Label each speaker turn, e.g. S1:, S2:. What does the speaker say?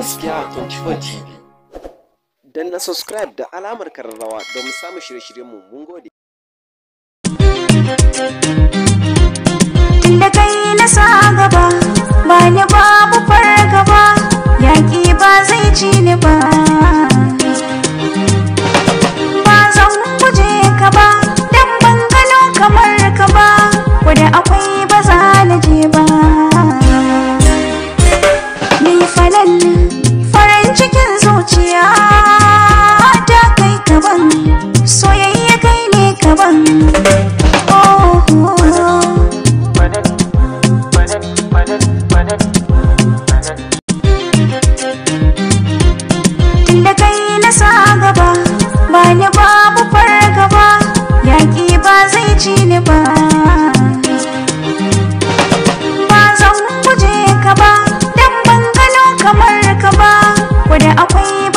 S1: gaskiya 24 TV. Dan na subscribe da alamar kararrawa don samun shirye shiryen mu mun gode.
S2: daban
S3: Tunda oh, kai na sa gaba ba ni babu fargaba yaƙi ba zai ci ni ba ba zan guje ka ba dan ban gano kamar ka ba wanda akwai